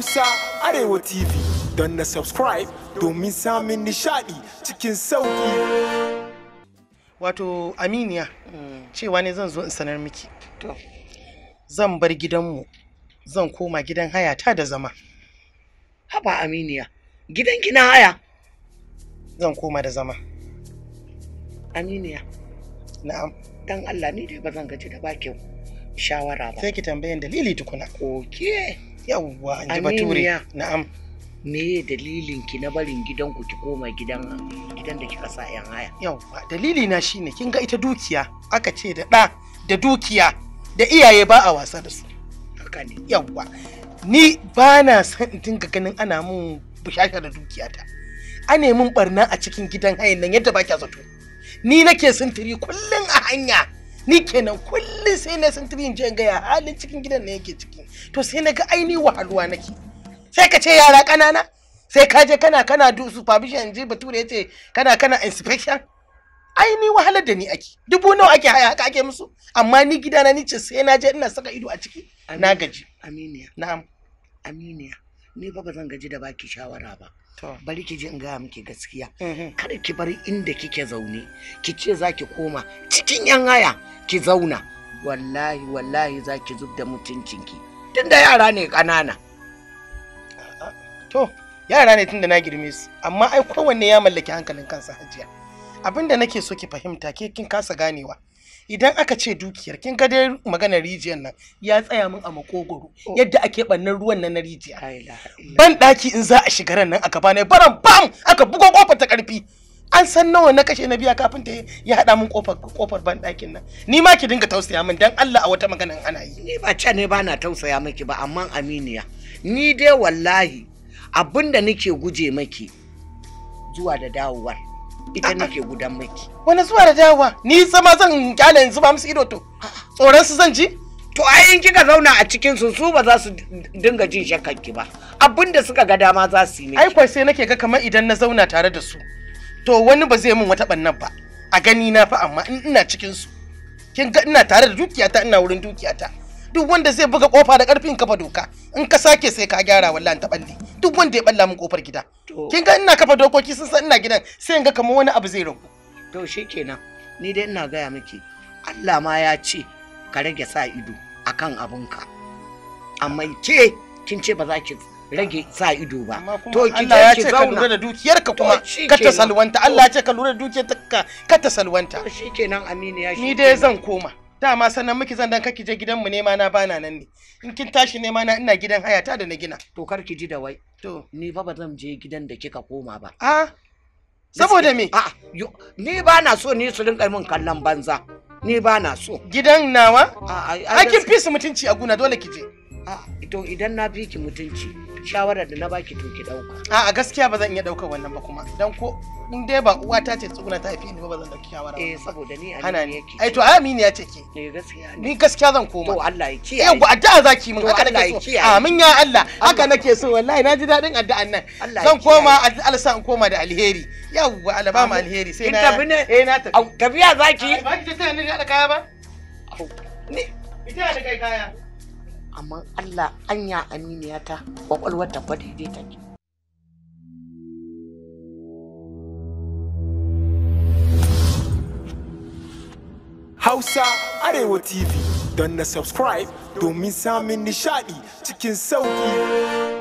Hausa Arewa TV don na subscribe domin samun nishadi cikin sauki. Wato Aminiya, mm. cewa ne zan zo in sanar miki. Zan bar gidanmu, zan koma gidan haya ta da zama. Haba Aminiya, gidan gina haya? Zan koma da zama. Aminiya. Na'am. Dan Allah ni dai ba zan gaji da bakin shawara ba. Sai ki tambayin dalili tukuna. Oke. Okay. yawwa an ji bature na'am me dalilin ki na barin gidanku ki koma gidan gidan da kika sa yan haya yawwa dalili na shine kin ga ita dukiya aka ce da ɗa da dukiya da iyaye ba a wasa da su haka ne yawwa ni ba na son in dinga ganin ana mun bushasha da dukiyata ane mun barna a cikin gidan hayan nan yadda ba kya zato ni nake sintiri kullum a hanya ni kenan kullum sai na san tirin je ga halin cikin gidan ne yake ciki to sai na ga aini wahalwa nake sai ka ce yara kanana sai ka je kana kana du supervision ji bature yace kana kana inspection ai ni da ni ake dubu nawa ake haya haka ake musu amma ni gidana ni ce sai na je ina saka ido a ciki na gaji aminiya na'am aminiya ni fa ba zan gaji da baki shawara ba bari ki in gaya miki gaskiya mm-hmm. kada ki bari inda kike zaune ki ce za ki koma cikin yan haya ki zauna wallahi wallahi za ki zub da mutuncinki tunda yara ne ƙanana to yara ne tunda na girme su amma ai kowanne ya mallaki hankalin kansa hajiya abinda nake so ki fahimta ke kin kasa ganewa idan aka ce dukiyar kin ga dai maganar rijiyar nan ya tsaya min a makogoro oh. yadda ake bannan ruwan nan na rijiya ban daki in za a shiga ran nan aka ne baran bam aka bugo kofar ta karfi an san nawa na kashe na biya kafin ta ya haɗa min kofar kofar ban dakin nan ni ma ki dinga tausaya min dan Allah a wata magana ana yi ni ba ce ne ba na tausaya miki ba amma aminiya ni dai wallahi abinda nake guje maki zuwa da dawowar ita nake gudan maki. Wani zuwa da dawa ni sama zan kyale yanzu ba musu ido to tsoron su zan ji? To ai in kika zauna a cikin su su ba za su dinga jin shakkan ki ba abinda suka ga dama za su yi. Ai kwai sai nake ga kamar idan na zauna tare da su to wani ba zai min wata bannan ba a gani na fa amma in ina cikin su kin ga ina tare da dukiyata ina wurin dukiyata. duk wanda zai buga kofa da karfin kafa doka in ka sake sai ka gyara wallahi ta balle duk wanda ya balla min kofar gida kin ga ina kafa dokoki sun san ina gidan sai in ga kamar wani abu zai ragu to shikenan ni dai ina gaya miki Allah ma ya ce ka rage sa ido akan abunka amma ke kin ce ba za ki rage sa ido ba to ki Allah ya ce ka lura da ka kuma ka ta salwanta Allah ya ce ka lura da dukiyar ka ta salwanta shikenan shi ni dai zan koma dama sannan miki zan dan kake je gidanmu ne ma na bana nan ne in kin tashi ne ma na ina gidan hayata da na gina to kar ki ji da wai to ni fa ba zan je gidan da kika koma ba a ah? saboda me a ah, ni ba na so ni su rinka min kallon banza ni ba na so gidan nawa a ah, kin fi su mutunci a guna dole ki je a to idan na fi ki mutunci shawarar da na baki to ki dauka a gaskiya ba zan iya daukar wannan ba kuma dan ko in dai ba uwa ta ce tsuguna ta haife ni ba zan dauki shawara eh saboda ni a ne yake ai to amini ya ce ke Ni eh, gaskiya ni gaskiya zan koma to Allah ya kiyaye yau addu'a zaki min haka nake so amin ya Allah haka nake so wallahi na ji dadin addu'an nan zan koma Allah in koma da alheri yawwa Allah ba mu alheri sai na eh na tafi tafiya zaki ba ki ta ni ga kaya ba ni ita da kai kaya amma Allah anya aminiyata kwakwalwar ta daidai take. Hausa Arewa TV don na subscribe domin samun nishaɗi cikin sauƙi.